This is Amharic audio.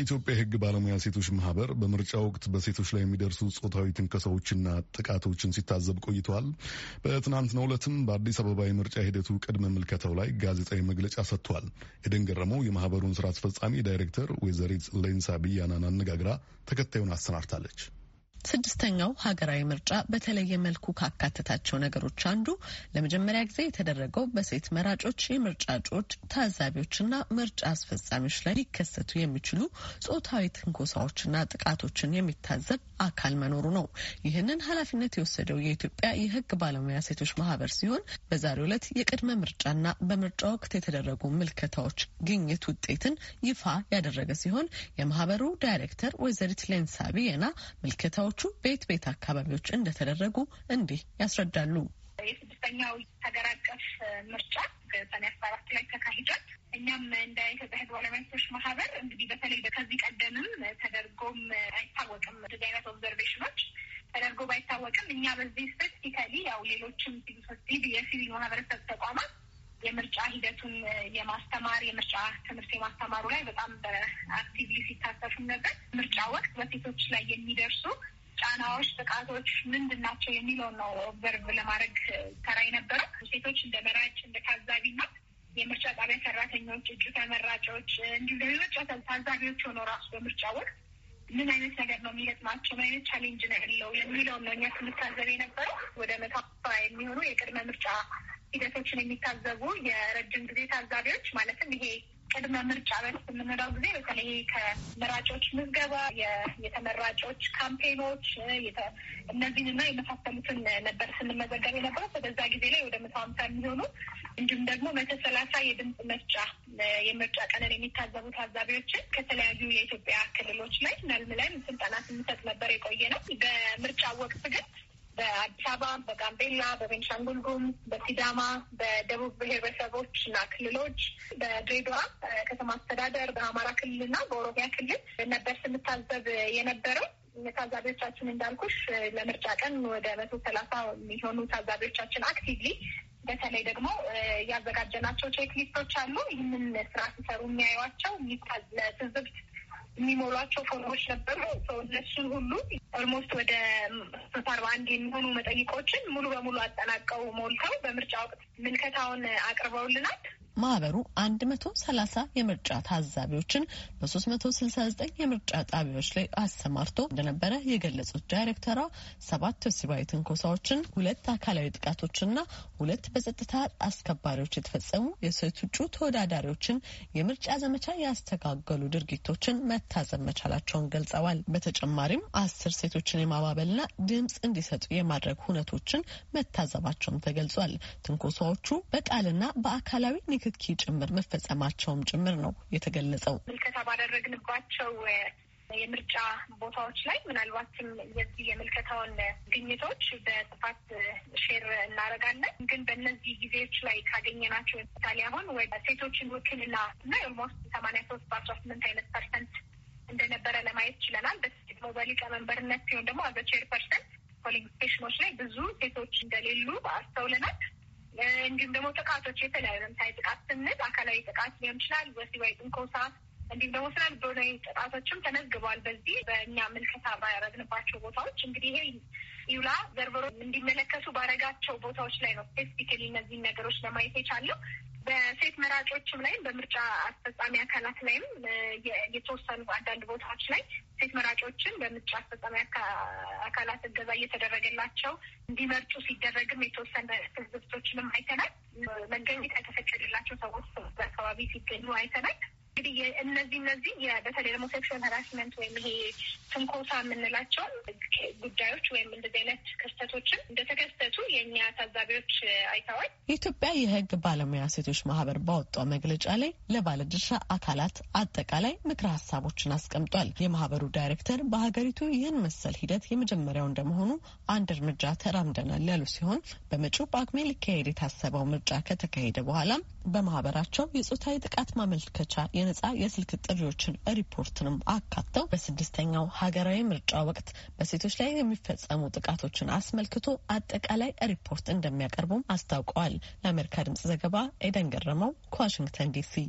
የኢትዮጵያ የሕግ ባለሙያ ሴቶች ማህበር በምርጫ ወቅት በሴቶች ላይ የሚደርሱ ጾታዊ ትንከሳዎችና ጥቃቶችን ሲታዘብ ቆይተዋል። በትናንትናው ዕለትም በአዲስ አበባ የምርጫ ሂደቱ ቅድመ ምልከታው ላይ ጋዜጣዊ መግለጫ ሰጥቷል። ኤደን ገረመው የማህበሩን ስራ አስፈጻሚ ዳይሬክተር ወይዘሪት ሌንሳ ቢያናን አነጋግራ ተከታዩን አሰናድታለች። ስድስተኛው ሀገራዊ ምርጫ በተለየ መልኩ ካካተታቸው ነገሮች አንዱ ለመጀመሪያ ጊዜ የተደረገው በሴት መራጮች፣ የምርጫ እጩዎች፣ ታዛቢዎችና ምርጫ አስፈጻሚዎች ላይ ሊከሰቱ የሚችሉ ጾታዊ ትንኮሳዎችና ጥቃቶችን የሚታዘብ አካል መኖሩ ነው። ይህንን ኃላፊነት የወሰደው የኢትዮጵያ የሕግ ባለሙያ ሴቶች ማህበር ሲሆን በዛሬው ዕለት የቅድመ ምርጫና በምርጫ ወቅት የተደረጉ ምልከታዎች ግኝት ውጤትን ይፋ ያደረገ ሲሆን የማህበሩ ዳይሬክተር ወይዘሪት ሌንሳ ቢየና ምልከታው ስብሰባዎቹ ቤት ቤት አካባቢዎች እንደተደረጉ እንዲህ ያስረዳሉ። የስድስተኛው ሀገር አቀፍ ምርጫ ሰኔ አስራ አራት ላይ ተካሂዷል። እኛም እንደ ኢትዮጵያ ሕዝብ ባለሙያዎች ማህበር እንግዲህ በተለይ ከዚህ ቀደምም ተደርጎም አይታወቅም እንደዚህ አይነት ኦብዘርቬሽኖች ተደርጎ ባይታወቅም እኛ በዚህ ስፔሲፊካሊ ያው ሌሎችም ሲቪል የሲቪል ማህበረሰብ ተቋማት የምርጫ ሂደቱን የማስተማር የምርጫ ትምህርት የማስተማሩ ላይ በጣም በአክቲቭሊ ሲታሰፉ ነበር። ምርጫ ወቅት በሴቶች ላይ የሚደርሱ ጫናዎች፣ ጥቃቶች ምንድን ናቸው የሚለውን ነው ኦብዘርቭ ለማድረግ ሰራ የነበረው። ሴቶች እንደ መራጭ፣ እንደ ታዛቢና የምርጫ ጣቢያ ሰራተኞች፣ እጩ ተመራጮች እንዲሁም ሌሎች ታዛቢዎች ሆኖ ራሱ በምርጫ ወቅት ምን አይነት ነገር ነው የሚገጥማቸው፣ ምን አይነት ቻሌንጅ ነው ያለው የሚለውን ነው እኛ ስንታዘብ የነበረው። ወደ መታ የሚሆኑ የቅድመ ምርጫ ሂደቶችን የሚታዘቡ የረጅም ጊዜ ታዛቢዎች ማለትም ይሄ ቅድመ ምርጫ በፊት የምንለው ጊዜ በተለይ ከመራጮች ምዝገባ፣ የተመራጮች ካምፔኖች እነዚህን እነዚህንና የመሳሰሉትን ነበር ስንመዘገብ የነበረው። በዛ ጊዜ ላይ ወደ መቶ ሀምሳ የሚሆኑ እንዲሁም ደግሞ መቶ ሰላሳ የድምፅ መስጫ የምርጫ ቀንን የሚታዘቡ ታዛቢዎችን ከተለያዩ የኢትዮጵያ ክልሎች ላይ መልምለን ስልጠና ስንሰጥ ነበር የቆየ ነው። በምርጫ ወቅት ግን በአዲስ አበባ፣ በጋምቤላ፣ በቤንሻንጉል ጉሙዝ፣ በሲዳማ፣ በደቡብ ብሔረሰቦች እና ክልሎች፣ በድሬዳዋ ከተማ አስተዳደር፣ በአማራ ክልል እና በኦሮሚያ ክልል ነበር ስንታዘብ የነበረው። ታዛቢዎቻችን እንዳልኩሽ ለምርጫ ቀን ወደ መቶ ሰላሳ የሚሆኑ ታዛቢዎቻችን አክቲቭሊ በተለይ ደግሞ ያዘጋጀናቸው ቼክሊስቶች አሉ። ይህንን ስራ ሲሰሩ የሚያዩዋቸው ለትዝብት የሚሞሏቸው ፎርሞች ነበሩ። እነሱን ሁሉ ኦልሞስት ወደ አርባ አንድ የሚሆኑ መጠይቆችን ሙሉ በሙሉ አጠናቀው ሞልተው በምርጫ ወቅት ምልከታውን አቅርበውልናል። ማህበሩ 130 የምርጫ ታዛቢዎችን በ369 የምርጫ ጣቢያዎች ላይ አሰማርቶ እንደነበረ የገለጹት ዳይሬክተሯ ሰባት ወሲባዊ ትንኮሳዎችን፣ ሁለት አካላዊ ጥቃቶችና ሁለት በጸጥታ አስከባሪዎች የተፈጸሙ የሴት እጩ ተወዳዳሪዎችን የምርጫ ዘመቻ ያስተጋገሉ ድርጊቶችን መታዘብ መቻላቸውን ገልጸዋል። በተጨማሪም አስር ሴቶችን የማባበልና ድምፅ እንዲሰጡ የማድረግ ሁነቶችን መታዘባቸውም ተገልጿል። ትንኮሳዎቹ በቃልና በአካላዊ ንክ ንክኪ ጭምር መፈጸማቸውም ጭምር ነው የተገለጸው። ምልከታ ባደረግንባቸው የምርጫ ቦታዎች ላይ ምናልባትም የዚህ የምልከታውን ግኝቶች በጥፋት ሼር እናደርጋለን። ግን በእነዚህ ጊዜዎች ላይ ካገኘናቸው ምሳሌ አሁን ወይ ሴቶችን ውክልና እና ኦልሞስት ሰማንያ ሶስት በአስራ ስምንት አይነት ፐርሰንት እንደነበረ ለማየት ችለናል። ደግሞ በሊቀመንበርነት ሲሆን ደግሞ አዘ ቼር ፐርሰንት ፖሊንግ ስቴሽኖች ላይ ብዙ ሴቶች እንደሌሉ አስተውለናል። እንዲሁም ደግሞ ጥቃቶች የተለያዩ ለምሳሌ ጥቃት ስንል አካላዊ ጥቃት ሊሆን ይችላል፣ ወሲባዊ ትንኮሳ እንዲሁም ደግሞ ስነ ልቦናዊ ጥቃቶችም ተመዝግበዋል። በዚህ በእኛ ምልከታ ባያረግንባቸው ቦታዎች እንግዲህ ይሄ ዩላ ዘርበሮ እንዲመለከቱ ባረጋቸው ቦታዎች ላይ ነው ስፔሲፊካሊ እነዚህን ነገሮች ለማየት የቻለው። በሴት መራጮችም ላይም በምርጫ አስፈጻሚ አካላት ላይም የተወሰኑ አንዳንድ ቦታዎች ላይ ሴት መራጮችን በምርጫ አስፈጻሚ አካላት እገዛ እየተደረገላቸው እንዲመርጡ ሲደረግም የተወሰነ ትዝብቶችንም አይተናል። መገኘት ያልተፈቀደላቸው ሰዎች በአካባቢ ሲገኙ አይተናል። እንግዲህ እነዚህ እነዚህ በተለይ ደግሞ ሴክሹዋል ሀራስመንት ወይም ይሄ ትንኮሳ የምንላቸውን ጉዳዮች ወይም እንደዚህ አይነት ክስተቶችን እንደተከስ የእኛ ታዛቢዎች አይተዋል። የኢትዮጵያ የህግ ባለሙያ ሴቶች ማህበር ባወጣው መግለጫ ላይ ለባለድርሻ አካላት አጠቃላይ ምክረ ሀሳቦችን አስቀምጧል። የማህበሩ ዳይሬክተር በሀገሪቱ ይህን መሰል ሂደት የመጀመሪያው እንደመሆኑ አንድ እርምጃ ተራምደናል ያሉ ሲሆን በመጪው በጳጉሜ ሊካሄድ የታሰበው ምርጫ ከተካሄደ በኋላም በማህበራቸው የጾታዊ ጥቃት ማመልከቻ የነጻ የስልክ ጥሪዎችን ሪፖርትንም አካተው በስድስተኛው ሀገራዊ ምርጫ ወቅት በሴቶች ላይ የሚፈጸሙ ጥቃቶችን አስመልክቶ አጠቃላይ ሪፖርት እንደሚያቀርቡም አስታውቀዋል። ለአሜሪካ ድምጽ ዘገባ ኤደን ገረመው ከዋሽንግተን ዲሲ